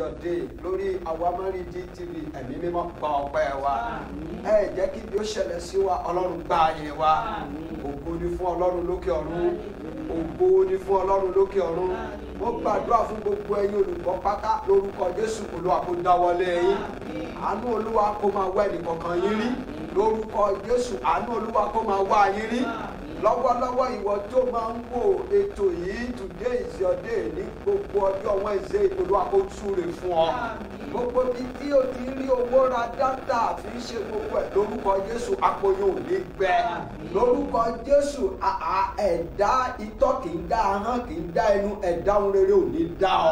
your day lórí Awamárìdí TV ẹ̀mí mímọ́ gba ọpẹ́ wa ẹ jẹ́ kí bí ó ṣẹlẹ̀ sí wa ọlọ́run gba ààyè wa ògo ni fún ọlọ́run lókè ọ̀run ògo ni fún ọlọ́run lókè ọ̀run mo gbàdúrà fún gbogbo ẹ̀yin olùgbọ́ pátá lórúkọ Jésù Olúwa kó dáwọ́lé yín àánú Olúwa kó máa wá ẹnìkọ̀ọ̀kan yín rí lórúkọ Jésù àánú Olúwa kó máa wá yín rí lọ́wọ́lọ́wọ́ ìwọ tó máa ń wo ètò yìí today is your day ní gbogbo ọjọ́ Wednesday ìpolówó àkótú rẹ̀ fún ọ. gbogbo bíi tí o ti rí owó ra dátà fi ń ṣe gbogbo ẹ̀ lórúkọ Jésù apoyún òní gbẹ. lórúkọ Jésù ẹ̀dá itọ́ kì í dá ahọ́n kì í dá ẹnu ẹ̀dá ohun rere ò ní dá ọ.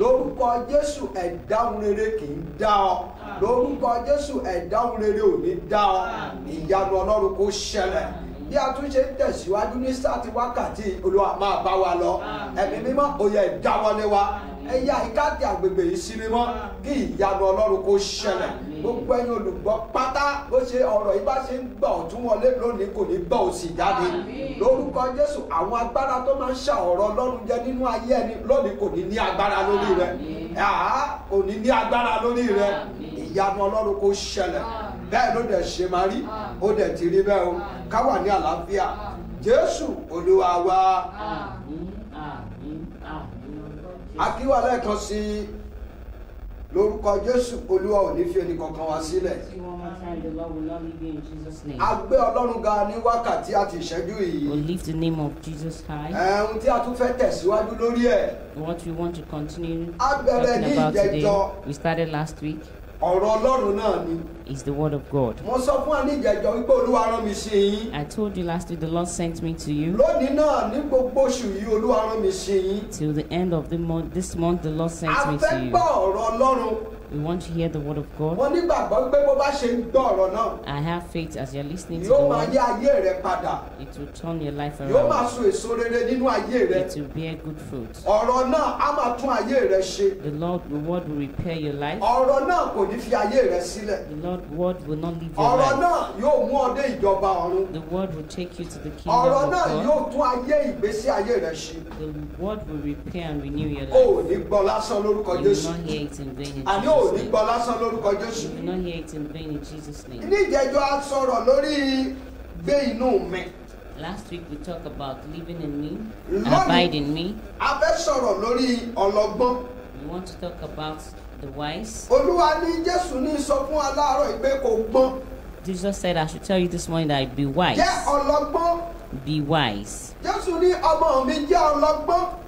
lórúkọ Jésù ẹ̀dá ohun rere kì í dá ọ. lórúkọ Jésù ẹ̀dá ohun rere ò ní dá ọ. ìyanu Ọlọ́run kò ṣẹlẹ̀ bí a tún ṣe ń tẹ̀síwájú ní sáàtì wákàtí olúwa máa bá wa lọ ẹ̀mí mímọ́ òye ìdáwọlé wa ẹ̀yà ìkáàdì àgbègbè yìí sí mímọ́ kí ìyanu ọlọ́run kó ṣẹlẹ̀ gbogbo ẹ̀yin olùgbọ́ pátá bó ṣe ọ̀rọ̀ yìí bá ṣe ń gbà ọ̀tún wọlé lónìí kò ní gbà òsì jáde lórúkọ jésù àwọn agbára tó máa ń ṣà ọ̀rọ̀ ọlọ́run jẹ nínú ayé ẹni lónìí kò ní ní agbára lórí rẹ kò ní ní agbára lórí rẹ ìyanu ọlọ́run kó ṣẹlẹ̀ bẹ́ẹ̀ ló dẹ̀ ṣe máa rí ó dẹ̀ ti rí bẹ́ẹ̀ o ká wà ní àlàáfíà jésù olúwa wa akíwà sí i lórúkọ jésù olúwa ò ní fi ẹnì kankan wá sílẹ̀ a gbé ọlọ́run ga ní wákàtí àti ìṣẹ́jú yìí. the name of Jesus high. ẹ̀hún tí a tún fẹ́ tẹ̀síwájú lórí ẹ̀. what we want to continue talking about today we started last week ọ̀rọ̀ ọlọ́run náà ni. Is the word of God. Mo sọ fún àníjẹ̀jọ́ wípé Olúwa rán mi sí yín. I told you last week the Lord sent me to you. Lónìí náà ní gbogbo oṣù yìí Olúwa rán mi sí yín. Till the end of the month this month the Lord sent me to you. A fẹ́ gbọ́ ọ̀rọ̀ ọlọ́run. We want to hear the word of God. I have faith as you're listening to the word. It will turn your life around. It will bear good fruit. The Lord the word will repair your life. The Lord word will not leave your life. The word will take you to the kingdom of God. The word will repair and renew your life. You will not hear it in vain ní gbọ́ lásán lórúkọ Jésù. ní ìjẹ́jọ́ a sọ̀rọ̀ lórí gbé inú mi. Last week we talked about living in me and abide in me. A fẹ́ sọ̀rọ̀ lórí ọlọ́gbọ́n. We want to talk about the wise. Olúwa ní Jésù ní sọ fún aláàárọ̀ ìgbé kò gbọ́n. Jesus said, I should tell you this morning that I be wise. Jẹ́ ọlọ́gbọ́n. Be wise. Jésù ní ọmọ mi jẹ́ ọlọ́gbọ́n.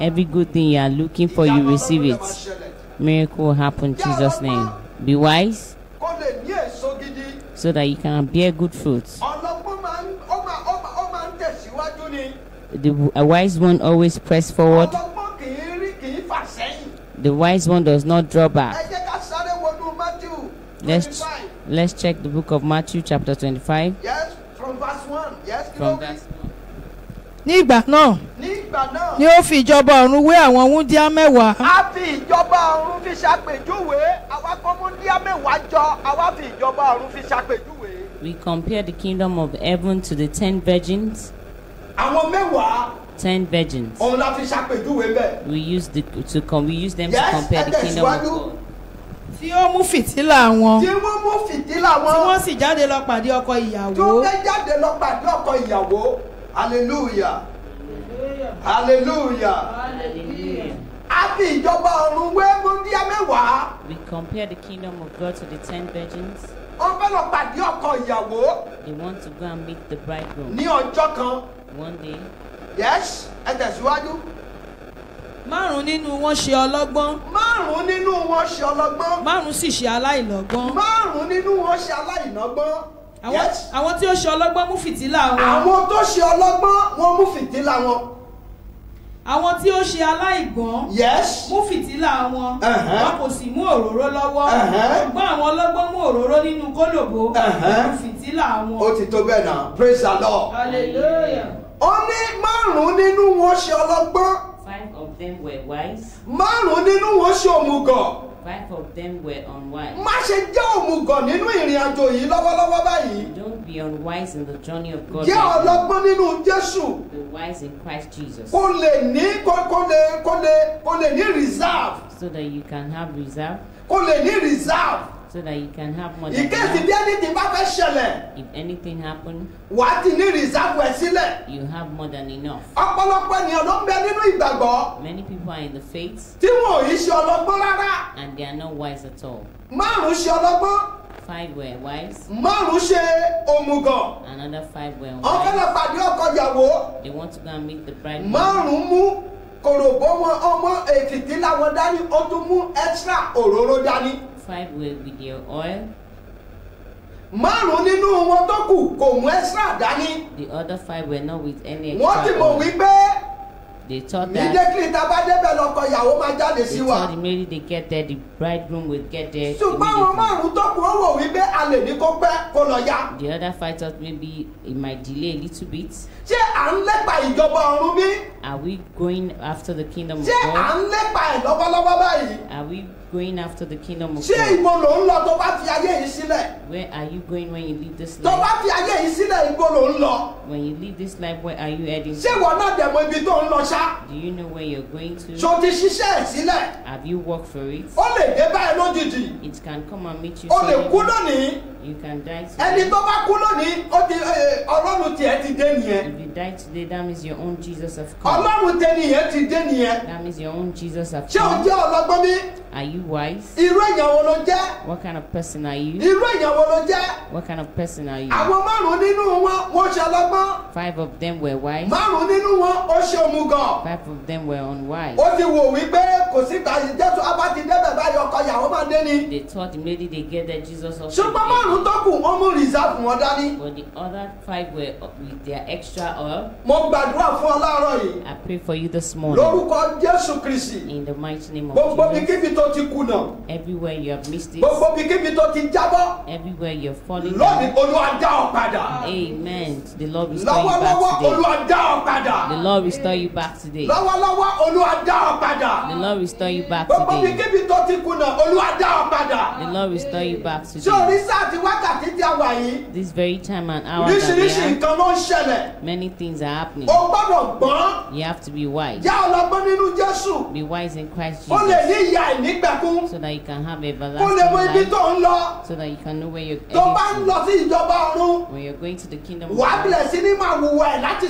Every good thing you are looking for, you receive it. Miracle will happen in Jesus' name. Be wise so that you can bear good fruits. The a wise one always press forward. The wise one does not draw back. Let's, let's check the book of Matthew, chapter 25. Yes, from verse 1. Yes, from that ní ìgbà náà ni ó fi ìjọba ọ̀run wé àwọn wúndíá mẹ́wàá. a fi ìjọba ọ̀run fi ṣàpèjúwe àwa kó wúndíá mẹ́wàá jọ àwa fi ìjọba ọ̀run fi ṣàpèjúwe. we compare the kingdom of heaven to the ten virgins. àwọn mẹ́wàá. ten virgins. òun la fi ṣàpèjúwe bẹ́ẹ̀. we use the to com we use them yes, to compare the kingdom of God tí ó mú fìtílà wọn. tí wọ́n mú fìtílà wọn. tí wọ́n sì jáde lọ pàdé ọkọ ìyàwó. tí wọ́n jáde lọ pàdé ọkọ ìyàwó hallelujah hallelujah a ìjọba ọ̀run wé múndíá mẹ́wàá. we compare the kingdom of God to the ten virgins. wọ́n fẹ́ lọ pàdé ọkọ ìyàwó. they want to go and meet the bridegroom. ní ọjọ́ kan. one day. yes ẹ tẹ̀síwájú márùn nínú wọn ṣe ọlọ́gbọ́n. márùn nínú wọn ṣe ọlọ́gbọ́n. márùn sì ṣe aláìlọ́gbọ́n. márùn nínú wọn ṣe aláìlọ́gbọ́n àwọn tí ó ṣe ọlọ́gbọ́n mú fìtílà wọn. àwọn tó ṣe ọlọ́gbọ́n wọ́n mú fìtílà wọn. àwọn tí ó ṣe aláìgbọ́n. yes. mú fìtílà wọn. Uh-huh. wọn kò sì mú òróró lọ́wọ́. Uh-huh. ṣùgbọ́n àwọn ọlọ́gbọ́n mú òróró nínú kólòbó. Uh-huh. mú fìtílà wọn. ó ti tó bẹ́ẹ̀ náà praise the lord. hallelujah. ó ní márùn-ún nínú wọn ṣe ọlọ́gbọ́n. five of them were wise. márùn-ún nínú wọn ṣe òmùgọ̀. Five of them were unwise. Má ṣe jẹ́ òmùgọ̀ nínú ìrìn àjò yìí lọ́wọ́lọ́wọ́ báyìí. Don't be unwise in the journey of God. Jẹ́ ọlọ́gbọ́n nínú Jésù. Be wise in Christ Jesus. Kó lè ní kó lè kó lè kó lè ní reserve. So that you can have reserve. Kó lè ní reserve so that you can have more than enough. in case if anything bá fẹ́ ṣẹlẹ̀. if anything happen. wà á ti ní reserve ẹ sílẹ̀. you have more than enough. ọ̀pọ̀lọpọ̀ ènìyàn ló ń bẹ nínú ìgbàgbọ́. many people are in the faith. tí wọn ò yí ṣe ọlọ́gbọ́n rárá. and they are not wise at all. márùn ṣe ọlọ́gbọ́n. Five were wise. márùn ṣe òmùgọ̀. Another five were wives. Ọ̀fẹ́ lọ pàdé ọkọ ìyàwó. They want to go and meet the bride. márùn mú kòròbó wọn ọmọ èkìtì làwọn dání ó tún mú extra òróró dání five were with their oil. márùn-ún nínú wọn tó kù kò mú extra dání. the other five were not with any extra oil. wọ́n ti mọ̀ wípé. they thought that. immediately tá a bá débẹ̀ lọ́kọ ìyàwó máa jáde sí wa. they thought immediately they get there the bridegroom will get there. ṣùgbọ́n àwọn márùn-ún tó kù ó wò wípé a ní kó pẹ́ kó lọ yá. the other five thought maybe it might delay a little bit. ṣé à ń lépa ìjọba ọ̀run bí. are we going after the kingdom of God. ṣé à ń lépa ẹ̀ lọ́wọ́lọ́wọ́ báyìí. are we going after the kingdom of God. ṣé ibo ń lọ tó bá fi ayé yìí sílẹ̀. where are you going when you leave this life. tó bá fi ayé yìí sílẹ̀ ibo ń lọ. when you leave this life where are you heading. ṣé ìwọ náà dẹ̀ ibi tó ń lọ ṣá. do you know where you're going to. ṣo ti ṣiṣẹ́ ẹ̀ sílẹ̀. have you worked for it. ó lè dé báyìí lójijì. it can come and meet you. ó lè kú lónìí. you can die today. ẹni tó bá kú lónìí ó ti ọlọ́run tiẹ̀ ti dé nìyẹn. if you die today that means your own Jesus have come. ọlọ́run tẹ nìyẹn ti dé nìyẹn. that means your own Jesus have come. ṣé o jẹ́ ọlọ́gbọ́n mi. are you you wise? Irú èèyàn ló jẹ́? What kind of person are you? Irú èèyàn ló jẹ́? What kind of person are you? Àwọn márùn-ún nínú wọn, wọ́n ṣe ọlọ́gbọ́n. Five of them were wise. Márùn-ún nínú wọn, ó ṣe òmùgọ̀. Five of them were unwise. Ó ti wò wípé kò sí ìgbà yìí Jésù Abá ti débẹ̀ báyọ̀ ọkọ ìyàwó máa dé ni. They thought maybe they get that Jesus also. Ṣùgbọ́n márùn-ún tó kù, wọ́n mú reserve wọn dání. But the other five were with their extra oil. Mo gbàdúrà fún ọ yìí. I pray for you this morning. Lórúkọ Jésù Kristi. In the mighty name of Jesus. Gbogbo ibi kíbi everywhere you have missed it. everywhere you have fallen down. amen the lord is coming back today. Lord restore you back today. Lọ́wọ́lọ́wọ́ Olúwa dá The Lord restore you back today. Gbogbo ibikíbi tó ti kùnà Olúwa dá The Lord restore you back today. Ṣé orí sáà ti wákàtí tí a wà yìí? This very time and hour that we are. Oríṣiríṣi nǹkan ló ń ṣẹlẹ̀. Many things are happening. O gbọ́dọ̀ gbọ́n. You have to be wise. Yá ọlọ́gbọ́n nínú Jésù. Be wise in Christ Jesus. O lè ní ìyá ìnígbẹ́kún. So that you can have everlasting life. O lè mọ ibi tó ń lọ. So that you can know where you're going. to. Tó bá ń lọ sí ìjọba ọ̀run. When you're going to the kingdom of God. Wàá bẹ̀rẹ̀ sí ní máa wùwà ẹ̀ láti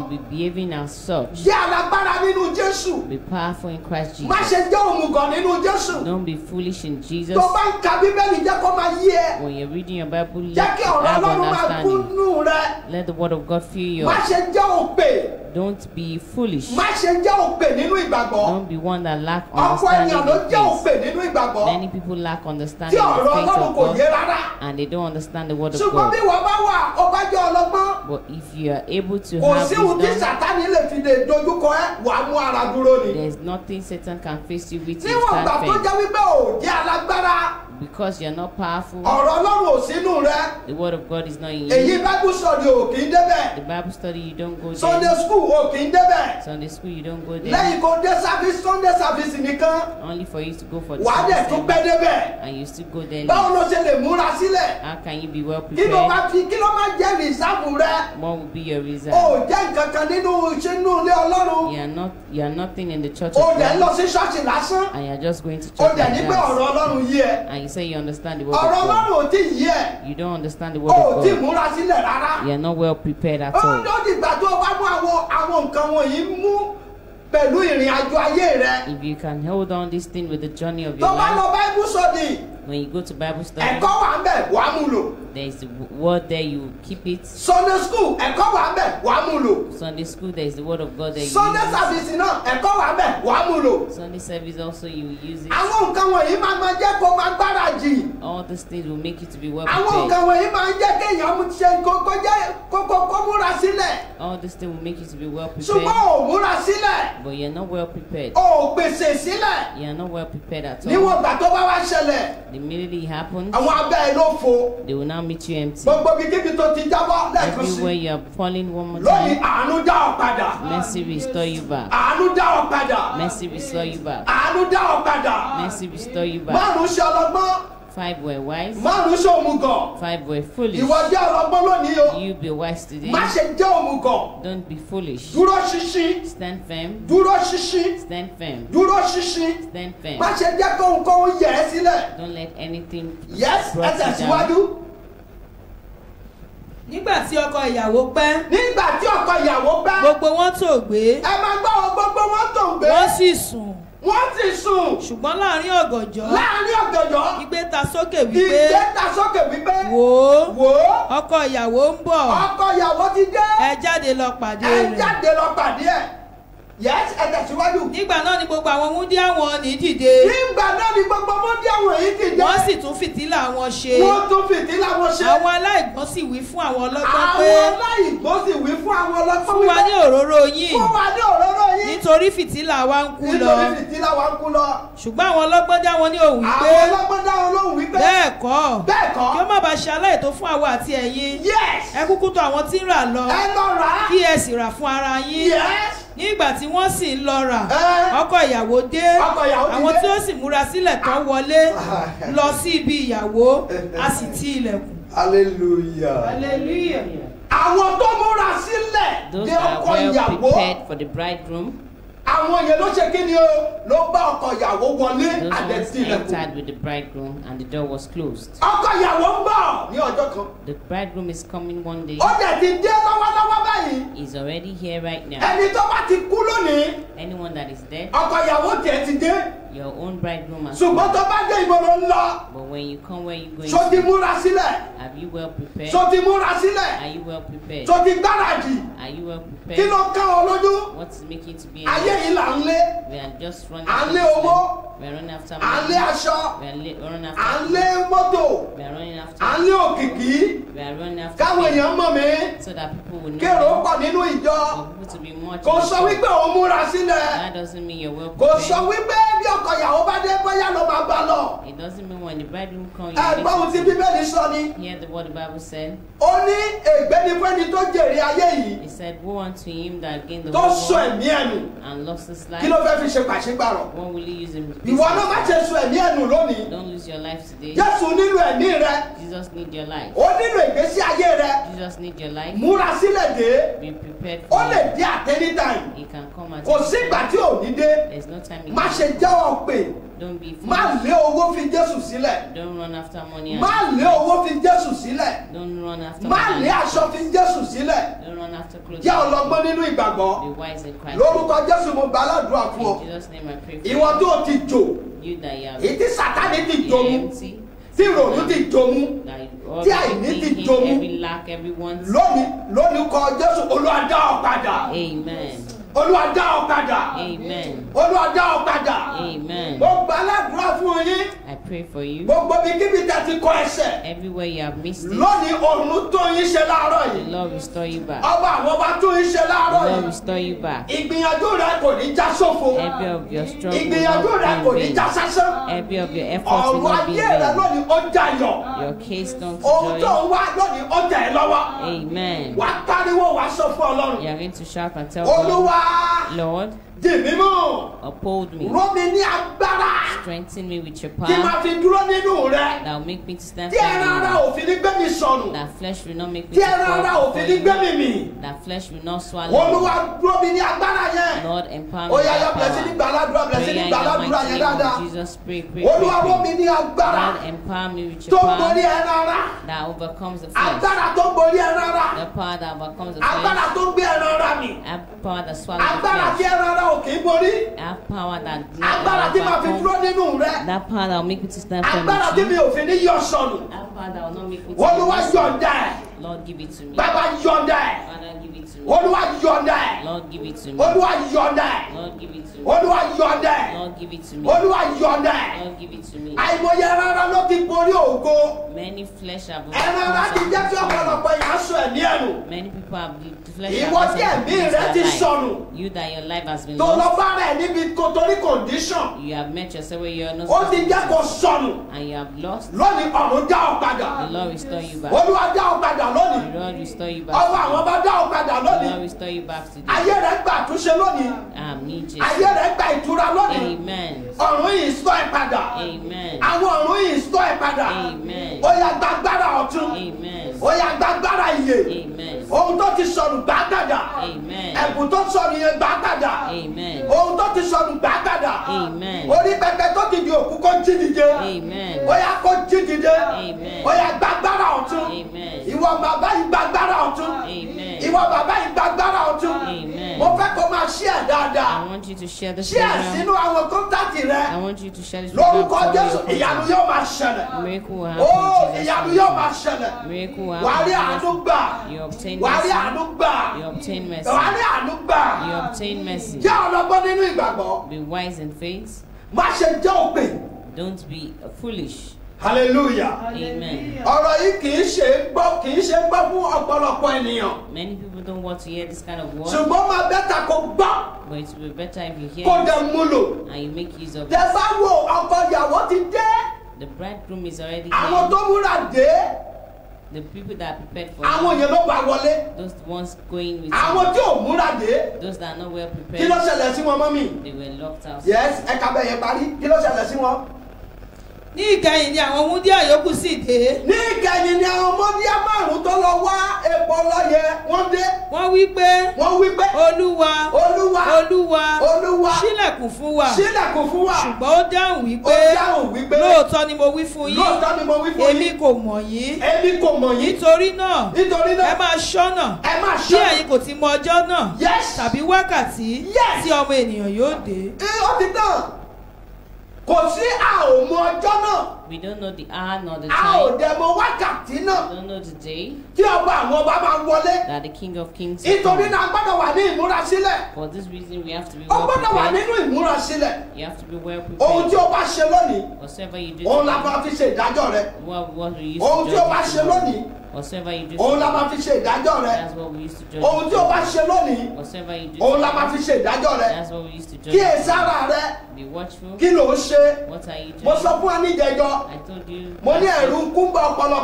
You be behaving remain as such. Jẹ́ alágbára nínú Jésù. Be powerful in Christ Jesus. Má ṣe jẹ́ òmùgọ̀ nínú Jésù. Don't be foolish in Jesus. Tó bá ń ka Bíbélì jẹ́ kó máa yé ẹ. When you're reading your Bible, let Jẹ́ kí ọ̀rọ̀ Ọlọ́run máa kúnnú rẹ. Let the word of God fill you. Má ṣe jẹ́ òpè. Don't be foolish. Má ṣe jẹ́ òpè nínú ìgbàgbọ́. Don't be one that lack understanding. Ọ̀pọ̀ ènìyàn ló jẹ́ òpè nígbàgbọ́. many people lack understanding of the faith of God and they don't understand the word of God. ṣùgbọ́n bí wọ́n bá wà ó jẹ́ ọlọ́gbọ́n. but if you are able to have wisdom. kò sí tí sàtánì lè fi lè dojúkọ ẹ wà á mú ara dúró ni. there is nothing Satan can face you with to stand firm. níwọ̀n gbà tó jẹ́ wípé ò jẹ́ alágbára because you're not powerful. ọ̀rọ̀ ọlọ́run ò sínú rẹ. the word of God is not in you. èyí bible study ò kì í débẹ̀. the bible study you don't go there. sunday school ò kì í débẹ̀. sunday school you don't go there. lẹ́yìn kò dé service sunday service nìkan. only for you to go for the service. wà á dẹ̀ tún pẹ́ débẹ̀. and you still go there. báwo ló ṣe lè múra sílẹ̀. how can you be well prepared. kí ló máa fi kí ló máa jẹ́ reserve rẹ. what will be your reserve. o jẹ́ nǹkan kan nínú sínú ilé ọlọ́run. you are not you are nothing in the church of God. o dẹ̀ lọ sí ṣọ́ọ̀ṣì lásán. and you are just going to church like that. o dẹ̀ nígbà ọ̀rọ̀ ọlọ́run yí ẹ. and say you understand the word ọ̀rọ̀ ọlọ́run ò tí yí you don't understand the word of God. o ò tí múra sílẹ̀ rárá. you are not well prepared at all. ó dìgbà tó o mú àwọn àwọn nǹkan wọ̀nyí mú pẹ̀lú ìrìn àjò ayé rẹ. if you can hold on this thing with the journey of your life. tó bá lọ bible study. when you go to bible study. ẹ̀kọ́ wà ń bẹ̀ wàá mú lò there is the word there you keep it. Sunday school ẹ̀kọ́ wà bẹ̀ wà mú lò. Sunday school there is the word of God there you Sunday use. Sunday service náà ẹ̀kọ́ wà bẹ̀ wà mú lò. Sunday service also you use it. Àwọn nǹkan wọ̀nyí máa ma jẹ́ kó máa gbáradì. All these things will make you to be well prepared. Àwọn nǹkan wọ̀nyí máa ń jẹ́ kéèyàn ṣe kókó jẹ́ kókó kó múra sílẹ̀. All these things will make you to be well prepared. Ṣùgbọ́n ò múra sílẹ̀. But you are not well prepared. O gbèsè sílẹ̀. You are not well prepared at all. Níwọ̀n ìgbà tó bá wá ṣẹlẹ̀. The minute it happens. Àwọn abẹ́ ẹ̀ ló fo. They will now I'll meet you empty. Gbogbo kíkíbi tó ti jábọ́ lẹ́ẹ̀kan sí. Everywhere you are falling one more time. Lónìí àánú dá ọ padà. Mercy restore you back. Àánú dá ọ padà. Mercy restore you back. Àánú dá ọ padà. Mercy restore you back. Márùn-ún ṣe ọlọ́gbọ́n. Five were wise. Márùn-ún ṣe òmùgọ̀. Five were foolish. Ìwọ jẹ́ ọlọ́gbọ́n lónìí o. You be wise today. Má ṣe jẹ́ òmùgọ̀. Don't be foolish. Dúró ṣinṣin. Stand firm. Dúró ṣinṣin. Stand firm. Dúró ṣinṣin. Stand firm. Má ṣe jẹ́ kóhunkóhun yẹ̀ ẹ́ sílẹ̀. Don't let anything. Yes, ẹsẹ̀ síwájú nígbà tí ọkọ ìyàwó pẹ́. nígbà tí ọkọ ìyàwó pẹ́. gbogbo wọn tò gbé. ẹ máa gbọ́ ọ gbogbo wọn tò gbé. wọ́n sì sùn wọ́n ti sùn. ṣùgbọ́n láàrin ọ̀gànjọ́. láàrin ọ̀gànjọ́. ìgbé ta sókè wípé. ìgbé ta sókè wípé. Wo. Wo. wò ó. ọkọ ìyàwó ń bọ̀. ọkọ ìyàwó ti dé. ẹ jáde lọ pàdé rẹ̀. ẹ jáde lọ pàdé ẹ̀ yes ẹ tẹ̀síwájú. nígbà náà ni gbogbo àwọn múdíà wọn ní dìde. nígbà náà ni gbogbo múdíà wọn yìí dìde. wọ́n sì tún fìtílà wọn ṣe. wọ́n tún fìtílà wọn ṣe. àwọn aláìgbọ́n sì wí fún àwọn ọlọ́gbọ́n pé. àwọn aláìgbọ́n sì wí fún àwọn ọlọ́gbọ́n pé. fún wa ní òróró yín. fún wa ní òróró yín. nítorí fìtílà wa ń kú lọ. nítorí fìtílà wa ń kú lọ. ṣùgbọ́n àwọn ọlọ́gbọ́n dá wọn ní òun wípé. yes. ẹ kúkú yes nígbà tí wọ́n sì ń lọ rà ọkọ ìyàwó dé àwọn tí ó sì múra sílẹ̀ tán wọlé lọ sí ibi ìyàwó a sì ti ilẹ̀kùn. hallelujah. hallelujah. àwọn tó múra sílẹ̀ dé ọkọ ìyàwó. those are well prepared for the bridegroom àwọn yẹn ló ṣe kí ni o ló bá ọkọ ìyàwó wọlé àdẹ̀sí those ones entered with the bridegroom and the door was closed. ọkọ ìyàwó ń bọ̀ ní ọjọ́ kan. the bridegroom is coming one day. ó dẹ̀ ti dé lọ́wọ́lọ́wọ́ báyìí. he is already here right now. ẹni tó bá ti kú lónìí. anyone that is dead. ọkọ ìyàwó tiẹ̀ ti dé your own bridegroom as well. ṣùgbọ́n tó bá dé ìbò ló ń lọ. but when you come where you going. ṣo ti múra sílẹ̀. have you well prepared. ṣo ti múra sílẹ̀. are you well prepared. ṣo ti gbáradì. are you well prepared. kí ló kán ọ lójú. what is making to be. ayé yìí là ń lé. we are just running after. à ń lé owó. we are running after money. à ń lé aṣọ. we are running after. à ń lé mọ́tò. we are running after. à ń lé òkìkí. we are running after. káwọn èèyàn mọ̀ mi. so that people will know. kérò pọ̀ nínú ìjọ. for people to be more. kò sọ wípé òun múra sílẹ̀. that doesn't mean you're well prepared. kò sọ wípé bí ọ ọkọ ìyàwó bá dé bóyá ló máa bá lọ. it doesn't mean when the bridegroom comes. ẹ̀gbọ́n ohun tí bíbélì sọ ni. hear the word the bible said. ó ní ègbé ni fún ẹni tó jèrè ayé yìí. he said woe to him that gain the world. tó sọ ẹ̀mí ẹ̀nu. and lost his life. kí ló fẹ́ fi ṣe pàṣípàrọ̀. When will he use him to do. ìwọ náà má ṣe sọ ẹ̀mí ẹ̀nu lónìí. don't lose your life today. jésù nílò ẹ̀mí rẹ. jesus need your life. ó nílò ìgbésí ayé rẹ. jesus need your life. múra sílẹ̀ dé. be prepared for it. ó lè dé at any time. he can come at any time. kò sígbà tí ò no time. Ọlọ́run pè má lé owó fi Jésù sílẹ̀ má lé owó fi Jésù sílẹ̀ má lé aṣọ fi Jésù sílẹ̀ jẹ́ ọlọ́gbọ́n nínú ìgbàgbọ́ lórúkọ Jésù mo gbà ládùúrà fún ọ ìwọ tó ti jò ìtí Sátánì ti jò mú tí ìrònú ti jò mú tí àìní ti jò mú lónìí lónìí kọ Jésù Olúwa dá ọ padà. Amen olúwa dá ọ amen. olúwa dá ọ amen. mo gbà aládùúrà fún yín. I pray for you. gbogbo ibi kíbi tẹ ti kọ ẹsẹ̀. everywhere you have missed it. lónìí òun tó yín ṣe láàárọ̀ yìí. the Lord restore you back. ọba àwọn ọba tó yín ṣe láàárọ̀ yìí. the Lord restore you back. ìgbìyànjú rẹ kò ní já sófo. every of your struggle will be in ìgbìyànjú rẹ kò ní já sásán. every of your efforts will be in ọ̀rọ̀ ayé rẹ lónìí ó jayọ̀. your case don't join. ohun tó ń wá lónìí ó tẹ̀ ẹ́ lọ́wọ́. amen. wàá pariwo wàá sọ fún Ọlọ́run. you are going to shout and tell Lord dè mí mọ́. uphold me. rọ mi ní agbára. strengthen me with your power. kí máa fi dúró nínú rẹ. that will make me to stand firm. tí ẹran ara ò ní gbé sọnù. that flesh will not make me to fall. tí ẹran ara ò ní gbé mi that flesh will not swallow me. olúwa rọ mi ní agbára yẹn. lord empower me with your power. blessing nígbà aládùúrà blessing nígbà aládùúrà yẹn dáadáa. jesus pray pray pray. olúwa rọ mi ní agbára. lord empower me with your power. tó borí ẹran ara. that overcomes the flesh. agbára tó borí ẹran ara. the power that overcomes the flesh. agbára tó gbé ẹran ara mi. power that swallows the flesh. agbára tí ẹran ara ò kì borí. that power that. agbára tí ma fi dúró nínú rẹ. that power that will make me to stand firm. agbára tí mi ò fi ní yọ sọnù. that power that will not make me to. olúwa yọ̀ǹda ẹ̀. Lord, give it to me. Baba yọ̀ǹda ẹ̀. Father, give it to me. Olúwa yọ̀ǹda Lord, give it to me. Olúwa yọ̀ǹda ẹ̀. Lord, give it to me. Olúwa yọ̀ǹda ẹ̀. Lord, give it to me. Olúwa yọ̀ǹda ẹ̀. Lord, give it to me. Àìmọye rárá ló ti borí ògo. Many flesh have been. Ẹran rárá ti jẹ́ kí ọ̀pọ̀lọpọ̀ yà sọ ẹ̀mí ẹ̀nu. Many people have been flesh have been. Ìwọ tí ẹ̀mí rẹ ti sọnù. You that your life has been lost. Tọ́lọ́ bá rẹ̀ níbi torí condition. You have met yourself where you are not. Ó ti jẹ́ kó sọnù. And you have lost. Lónìí ọ̀run dá ọ The Lord restore you back. Olúwa dá ọ padà lónìí ọwọ́ àwọn bá dá ọ padà lónìí ayé rẹ gba àtúnṣe lónìí ayé rẹ gba ìtura lónìí ọ̀run yìí sọ ẹ padà àwọn ọ̀run yìí sọ ẹ padà. ti sọnù gbà padà ẹ̀bùn tó sọnù yẹn gbà padà ohun tó ti sọnù gbà padà orí pẹpẹ tó ti di òkú kó jí dìde ó kó jí dìde ó gbàgbára ọ̀tún ìwọ bàbá yìí gbàgbára ọ̀tún ìwọ bàbá ìgbàgbára ọ̀tun mo fẹ́ kó máa share dáadáa share sínú àwọn kọ́ńtàtì rẹ lórúkọ Jésù ìyanu yóò máa ṣẹlẹ̀ ó oh, ìyanu yóò máa ṣẹlẹ̀ wà á rí àánú gbà wà á rí àánú gbà wà á rí àánú gbà jẹ́ ọlọ́gbọ́n nínú ìgbàgbọ́ má ṣe jẹ́ òpè. Don't be foolish hallelujah amen. ọ̀rọ̀ yìí kì í ṣe gbọ́ kì í ṣe gbọ́ fún ọ̀pọ̀lọpọ̀ ènìyàn. many people don't want to hear this kind of word. ṣùgbọ́n máa bẹ́tà kó gbọ́. but it will be better if you hear it. kó dẹ̀ múlò. and you make use of it. tẹ̀sán wo ọkọ ìyàwó ti dé. the bridegroom is already here. àwọn tó múra dé. The people that are prepared for. Àwọn yẹn ló bá wọlé. Those ones going with. Àwọn tí ò múra dé. Those that are not well prepared. Kí ló ṣẹlẹ̀ sí wọn mọ́ They were locked out. Yes, ẹ̀ka bẹ̀yẹ̀ parí. Kí ló ṣẹlẹ̀ sí wọn? ní ìkẹyìn ni àwọn múdíà yòókù sì dé. ní ìkẹyìn ni àwọn múdíà márùn tó lọ wá epo lọ́yẹ wọ́n dé. wọ́n wí pé. wọ́n wí pé. olúwa. olúwa. olúwa. olúwa. ṣílẹ̀kùn fún wa. ṣílẹ̀kùn fún wa. ṣùgbọ́n ó dáhùn wí pé. ó dáhùn wí pé. lóòótọ́ ni mo wí fún yín. lóòótọ́ ni mo wí fún yín. èmi kò mọ̀ yín. èmi kò mọ̀ yín. nítorí náà. nítorí náà. ẹ máa ṣọ́nà. ẹ máa ṣọ́nà. bí ẹ̀yin kò ti mọ ọjọ́ náà. yes. tàbí wákàtí. yes. tí ọmọ ènìyàn yóò dé. ó ti tán kò sí a ọjọ́ náà. we don't know the hour nor the time. a ò dẹ̀ mọ wákàtí náà. we don't know the day. tí ọba àwọn ọba máa wọlé. that the king of kings will náà gbọ́dọ̀ wà ní ìmúrasílẹ̀. for this reason we have to be well prepared. o gbọ́dọ̀ wà nínú ìmúrasílẹ̀. you have to be well prepared. ohun tí o bá ṣe lónìí. whatever you do. òun la fi ṣe ìdájọ́ rẹ. what what will you ohun tí o bá ṣe lónìí òun la máa fi ṣe ìdájọ́ rẹ. ohun tí o bá ṣe lónìí. òun la máa fi ṣe ìdájọ́ rẹ. kí èsì ara rẹ. be watchful. kí ló ń ṣe. what are you doing. mo sọ fún ẹ ní ìjẹjọ. i told you. mo ní ẹ̀rù ń kún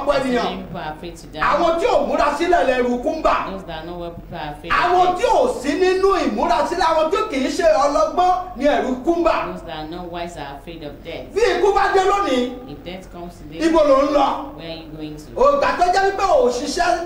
ènìyàn. afraid to die. àwọn tí ò múra sílẹ̀ lẹ̀rù kún those that are not well are afraid. àwọn tí ò sí nínú ìmúrasílẹ̀ àwọn tí kì í ṣe ọlọ́gbọ́n ni ẹ̀rù kún those that are not wise are afraid of death. bí ikú bá dé lónìí. if death comes today. ibo ló ń lọ. where are you going to. ògbà tó jẹ́ pé o ò ṣiṣẹ́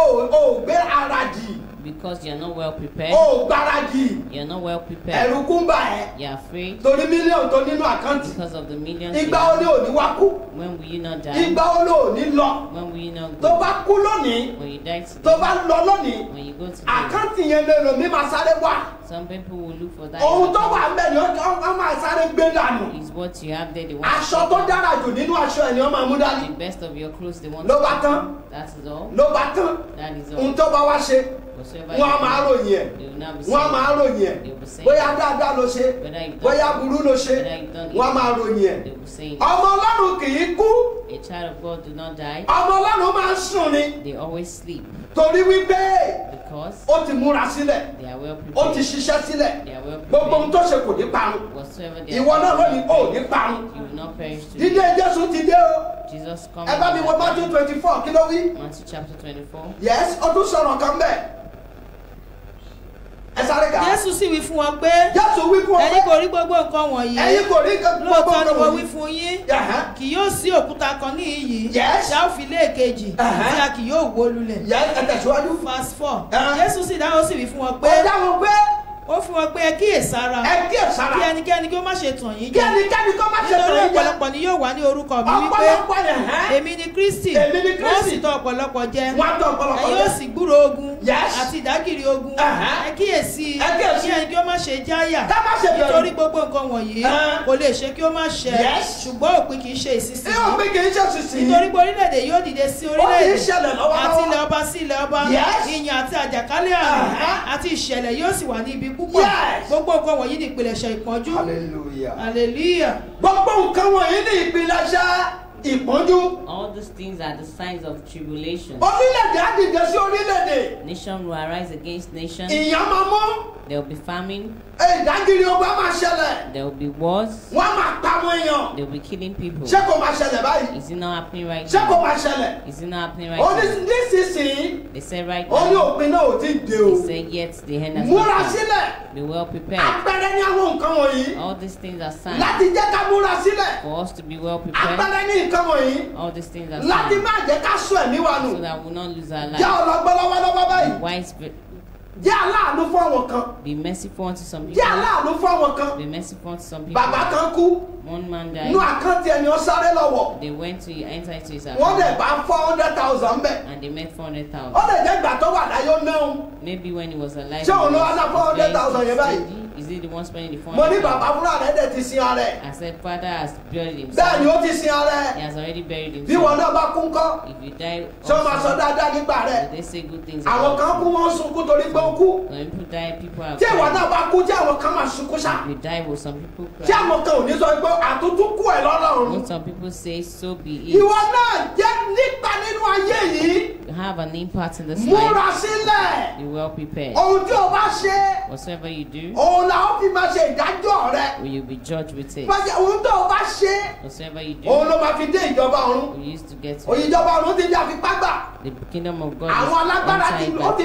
o ò gbé ara dì because you are not well prepared. o oh, gbáradì. you are not well prepared. ẹ̀rù kún bà ẹ́. you are afraid. torí mílíọ̀nù tó nínú àkáǹtì. because of the millions. ìgbà wo ni ò kú. when will you not die. ìgbà wo ni ò lọ. when will you not go. tó bá kú lónìí. when you die today. tó bá lọ lónìí. when you go today. àkáǹtì yẹn lè lò mí máa sáré wá. some people will look for that. ohun tó wà ń bẹ̀ ni wọ́n máa sáré gbé dànù. is what you have there they want. aṣọ tó dára jù nínú aṣọ ẹ̀ ni wọ́n máa mú dání. the best of your clothes they want. ló bá tán. that is all. ló bá tán. that is all. ohun tó bá wá ṣe wọn a máa ròyìn ẹ wọn a máa ròyìn ẹ bóyá dáadáa ló ṣe bóyá burú ló ṣe wọn a máa ròyìn ẹ ọmọ ọlọ́run kì í kú ọmọ ọlọ́run máa ń sùn ni torí wípé ó ti múra sílẹ̀ ó ti ṣiṣẹ́ sílẹ̀ gbogbo ohun tó ṣe kò ní parun ìwọ náà lónìí ò ní parun dídé Jésù ti dé o ẹ bá mi wò Matthew twenty four kí ló wí yes ó tún sọ̀rọ̀ kan bẹ́ẹ̀ ẹ sáré kà á. jésù sì wí fún wọn pé. jésù wí fún wọn pé. ẹ̀yin kò rí gbogbo nǹkan wọ̀nyí. ẹ̀yin kò rí gbogbo nǹkan wọ̀nyí. lóòótọ́ ni mo wí fún yín. kì yóò sí òkúta kan ní iyì. ṣá ò fi lé èkejì. tí a kì yóò wó lulẹ̀. yẹ ẹ tẹ̀síwájú. verse four. jésù sì dáhùn sì wí fún wọn pé. ó dáhùn pé ó fún wọn pé ẹ kíyèsára ẹ kíyèsára kí ẹnikẹ́ni kí ó má ṣe tàn yín jẹ kí ẹnikẹ́ni kí ó má ṣe tàn yín jẹ nítorí ọ̀pọ̀lọpọ̀ ni yóò wá ní orúkọ mi wípé èmi ni Kristi wọ́n sì tàn ọ̀pọ̀lọpọ̀ jẹ ẹ yóò sì gbúrò ogun àti ìdágìrì ogun ẹ kíyèsí kí ẹni kí ó má ṣe jáyà nítorí gbogbo nǹkan wọ̀nyí kò lè ṣe kí ó má ṣẹ ṣùgbọ́n òpin kì í ṣe ìsinsìnyí nítorí pé orílẹ̀-èdè yóò dìde sí orílẹ̀-èdè àti ilẹ̀ ọba púpọ̀ gbogbo nǹkan wọ̀nyí ni ìpilẹ̀ṣẹ̀ ìpọ́njú hallelujah gbogbo nǹkan wọ̀nyí ni ìpilẹ̀ṣẹ̀ ìpọ́njú. all these things are the signs of tribulation. orílẹ̀-èdè á dìde sí orílẹ̀-èdè. nation will arise against nation. ìyà máa mú. There will be famine. Ìdágìrì ogun á máa ṣẹlẹ̀. There will be wars. Wọ́n á máa pa àwọn èèyàn. They will be killing people. Ṣé kò máa ṣẹlẹ̀ báyìí? Is it not happening right now? Ṣé kò máa ṣẹlẹ̀? Is it not happening right now? Ó ní nísinsìnyí. They say right now. Ó ní òpin náà ò tí ì dé o. They said yet the end has come. Múra sílẹ̀. Be well prepared. Àpẹẹrẹ ní àwọn nǹkan wọ̀nyí. All these things are signs. Láti jẹ́ ká múra sílẹ̀. For us to be well prepared. Àpẹẹrẹ ní nǹkan wọ̀nyí. All these things are signs. Láti má jẹ́ ká sọ ẹ̀mí wa nù. So that we will not lose our life. Jẹ́ ọ̀rọ̀ jẹ́ aláàánú fún àwọn kan. be merciful unto some people. jẹ́ aláàánú fún àwọn kan. be merciful unto some people. bàbá kan kú. one man died. inú àkáǹtì ẹni ó sáré lọ́wọ́. they went to enter into his account. wọ́n lè bá four hundred thousand bẹ́ẹ̀. and they met four hundred thousand. ó lè jẹ́ ìgbà tó wà láyé ó náà. maybe when he was alive. ṣé òun ló wá sá four hundred thousand yẹn báyìí. Is he the one spending the phone? hundred? Mo I said father has buried himself. Bẹ́ẹ̀ni ó ti sin ara ẹ̀. He has already buried him. Bí wọn náà bá kú If you die also. Ṣé o máa sọ dáadáa they say good things about you? Àwọn kan kú wọ́n sunkún torí pé ó When people die people are. Tí ìwọ náà bá kú tí àwọn kan máa you die will some people cry. Tí àwọn kan ò ní sọ pé àtúntún kú ẹ̀ lọ́lọ́run. What some people say so be it. Ìwọ náà jẹ́ nípa nínú ayé yìí. Have an impact in this life. Múra well prepared. Ohun Whatever you do. Ohun òun la ó fi máa ṣe ìdájọ́ rẹ. will you be judged with it. pàṣẹ òun tó o bá ṣe. whatever you do. òun ló máa fi dé ìjọba ọ̀run. we used to get to. ìjọba ọ̀run ti di àfipágbà. the kingdom of God is àwọn alágbára ti ó ti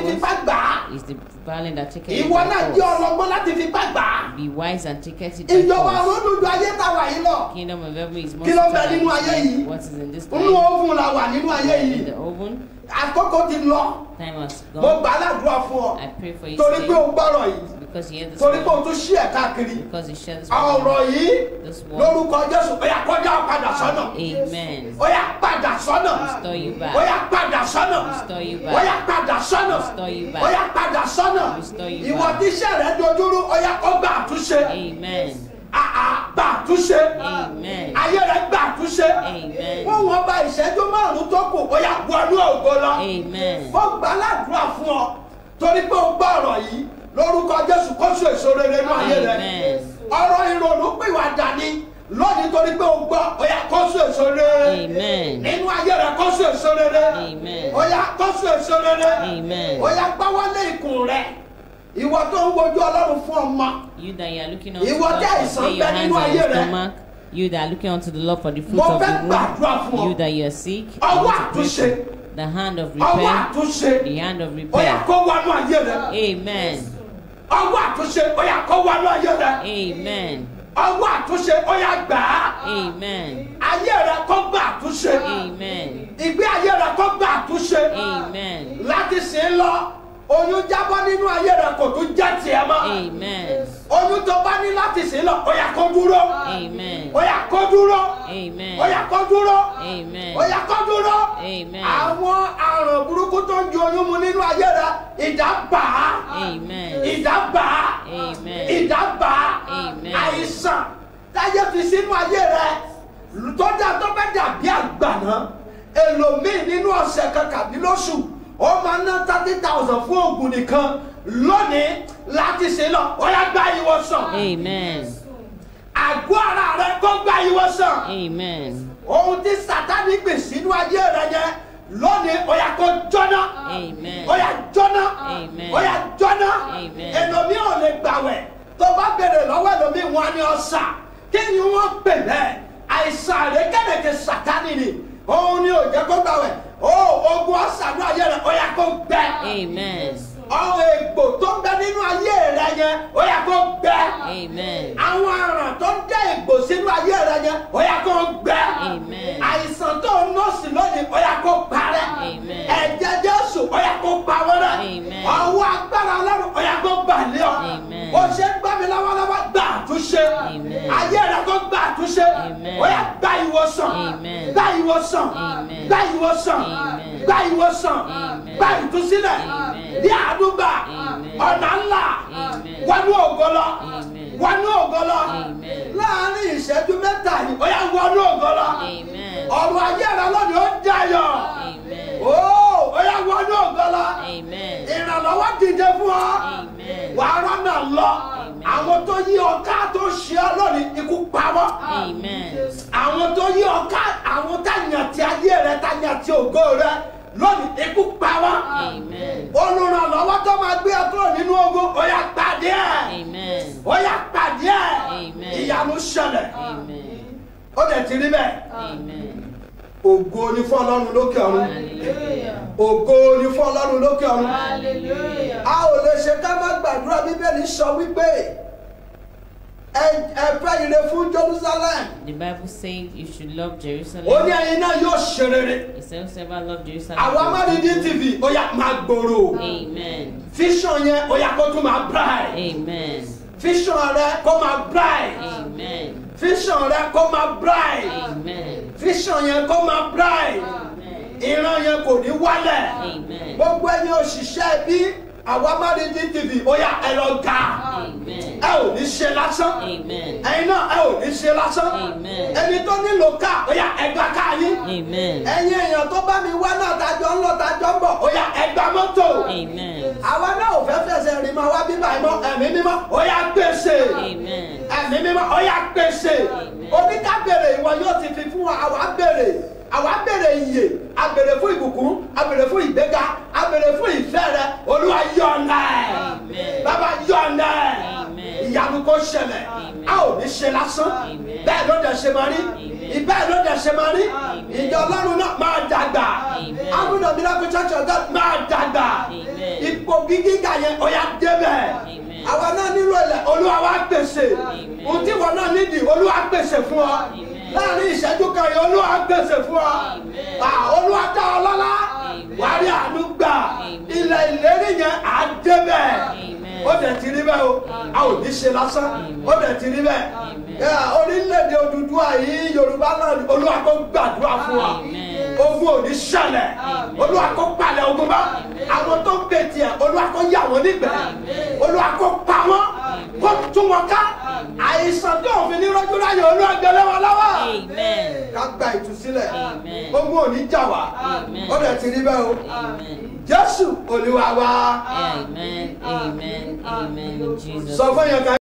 is the violent that take it. ìwọ náà jẹ́ ọlọ́gbọ́n láti fipá gbà á. be wise and take it. ìjọba ọ̀run dùn ju ayé ta wà yìí lọ. kingdom of heaven is most important. ló what is in this place. oven la wà nínú in the àkókò ti lọ. time has gone. mo gbàdúrà fún ọ. I pray for you. torí pé o gbọ́rọ̀ yìí torí pé o tún ṣí ẹ̀ káàkiri ọ̀rọ̀ yìí lórúkọ Jésù ó yá kọjá padà sọ́nà ó yá padà sọ́nà ó yá padà sọ́nà ó yá padà sọ́nà ó yá padà sọ́nà ìwọ tí iṣẹ́ rẹ dojúrú ó yá kó gba àtúnṣe gba àtúnṣe ayé rẹ gba àtúnṣe wọn wọn bá ìṣẹ́jú márùn-ún tó kù ó yá wọnú ògo lọ mo gbàládùra fún ọ torí pé o gbọ́ ọ̀rọ̀ yìí lórúkọ jésù kóṣù èso rere inú ayé rẹ ọ̀rọ̀ ìrònú pìwàdà ni lónìí torí pé o gbọ́ ó yá èso rere nínú ayé rẹ kóṣù èso rere ó yá èso rere ó yá ikùn rẹ ìwọ tó ń wojú ọlọ́run fún ọmọ ìwọ tí àìsàn bẹ nínú ayé rẹ. You that are looking unto the Lord for the fruit of the womb. You that you are sick. The hand of repair. The hand of repair. Amen. Yes ọwọ́ àtúnṣe ó yá kó wá lọ́yọ̀ rẹ. amen. ọwọ́ àtúnṣe ó yá gbà á. amen. ayé rẹ kó gbà àtúnṣe. amen. ìgbé ayé rẹ kó gbà àtúnṣe. amen. láti sìn lọ oyún jábọ́ nínú ayé rẹ kò tún jẹ́ tiẹ̀ mọ́. oyún tó bá láti sìn lọ ó yá kó dúró ó yá kó dúró ó yá kó dúró ó yá kó dúró àwọn àrùn burúkú tó ń ju oyún mu nínú ayé rẹ ìdá bà á ìdá bà á ìdá bà á àìsàn táyé fi sínú ayé rẹ tó dà tó bẹ dàbí àgbàná èlòmíì nínú ọ̀sẹ̀ kan tàbí lóṣù ó máa ná thirty thousand fún oògùn nìkan lónìí láti ṣe lọ ó yá gba ìwòsàn. amen. àgọ́ ara rẹ kó gba ìwòsàn. amen. ohun tí sátani gbìn sínú ayé rẹ yẹn lónìí ó yá kó jóná. amen. ó yá jóná. ó yá jóná. amen. èlòmí ò lè gbàwẹ̀ tó bá béèrè lọ́wọ́ èlòmí wọn ni ọ̀sà kí ni wọ́n pè bẹ́ẹ̀ àìsàn rẹ kẹ́lẹ́kẹ́ sátani ni òun ni ò jẹ́ kó gbàwẹ̀ ó ogun ọ̀sà ní ayé rẹ ó yá kó gbẹ. amen àwọn egbò tó ń bẹ nínú ayé rẹ yẹn ó yẹ kó gbẹ. àwọn aràn tó ń dá egbò sínú ayé rẹ yẹn ó yẹ kó gbẹ. àìsàn tó ń nọ́ọ̀sì lónìí ó yẹ kó parẹ́. ẹ̀jẹ̀ Jésù ó yẹ kó pa wọ́n agbára Ọlọ́run ó yẹ kó gbà lé ó ṣe ń gbà àtúnṣe ayé rẹ kó gba àtúnṣe ó yá gba ìwòsàn gba ìwòsàn gba ìwòsàn gba ìwòsàn gba ìtúsílẹ̀ ní àdúgbà ọ̀nà ńlá wọnú ògo lọ wọnú ògo lọ láàárín ìṣẹ́jú mẹ́ta yìí ó yá wọnú ògo lọ ọ̀rọ̀ ayé rẹ lónìí ó dayọ̀ ó ó yá wọnú ògo lọ ìrànlọ́wọ́ dìde fún ọ wàá rọ́nà lọ àwọn tó yí ọká tó ṣe ọ lónìí ikú pa wọ́n. àwọn tó yí ọká àwọn táyà ti ayé rẹ táyà ti ògo rẹ lónìí ikú pa wọ́n. olùrànlọ́wọ́ tó máa gbé ẹ kúrò nínú ogun ó yá pàdé ẹ̀ ó yá pàdé ẹ̀ ìyanu ṣẹlẹ̀ ó dẹ̀ ti rí bẹ́ẹ̀ ògo ni fún ọlọ́run lókè ọ̀run ògo ni fún ọlọ́run lókè ọ̀run a ò lè ṣe ká má gbàdúrà bíbélì sọ wípé ẹ fẹ́ fún Jerusalem. The Bible says you should love Jerusalem. ó ní ẹ̀yin náà yóò ṣe rere. he said whosoever love Jerusalem. àwọn amárìndí tv ó máa gbòòrò. amen. vision yẹn ó kó tún máa bright. amen. vision rẹ kó máa bright. amen. vision rẹ kó máa bright. amen vision yẹn kó máa bright ìran yẹn kò ní wálẹ̀ gbogbo ẹni òṣìṣẹ́ bíi àwa Marriage TV ó yá ẹ lọ ga ẹ ò ní ṣe lásán ẹ̀yin náà ẹ ò ní ṣe lásán ẹni tó nílò ká ó yá ẹ gba ká yín ẹ̀yin èèyàn tó bá mi wá náà tajọ ń lọ tajọ ń bọ̀ ó yá ẹ gba mọ́tò àwa náà ò fẹ́ fẹsẹ̀ rìn mọ́ wá bíbá ẹ̀ mọ́ ẹ̀mí mímọ́ ó yá ẹ̀mí mímọ́ ó yá pèsè ìwọ yóò ti fi fún wa àwa bèrè àwa bèrè iyè a bèrè fún ìbùkún a bèrè fún ìgbéga a bèrè fún ìfẹ́ rẹ olúwa yọ̀ǹda ẹ̀ bàbá yọ̀ǹda ẹ̀ ìyanu kò ṣẹlẹ̀ a ò ní ṣe lásán bẹ́ẹ̀ ló dẹ̀ ṣe máa rí ìbẹ́ ló dẹ̀ ṣe máa rí ìjọ ọlọ́run náà máa dàgbà abúlé miracle church of God máa dàgbà ipò gíga yẹn ọ̀yà débẹ̀ àwa náà nílò ilẹ̀ olúwa wa pèsè ohun tí wọn náà nídìí olúwa pèsè fún ọ láàrin ìṣẹ́jú kan yìí olúwa gbèsè fún wa olúwa dá ọ lọ́lá wàá rí àánú gbà ilẹ̀ ìlérí yẹn à ń débẹ̀ ó dẹ̀ ti rí bẹ́ẹ̀ o a ò ní ṣe lásán ó dẹ̀ ti rí bẹ́ẹ̀ orílẹ̀-èdè Odùduwà yìí Yorùbá náà olúwa kó gbàdúrà fún wa ogun ò ní ṣẹlẹ̀ olúwa kó palẹ̀ ogun bá àwọn tó ń gbèjì ẹ̀ olúwa kó yà wọ́n nígbẹ̀ẹ́ olúwa kó pa wọ́n kó tún wọn ká àìsàn tó ń fi ní rọ́jú ráyè olóògbé lẹ́wọ̀n lọ́wọ́ ká gba ìtúsílẹ̀ ogun ò ní jà wá ó dẹ̀ ti rí bẹ́ẹ̀ o Jésù Olúwa wa. sọ fún yẹn ká.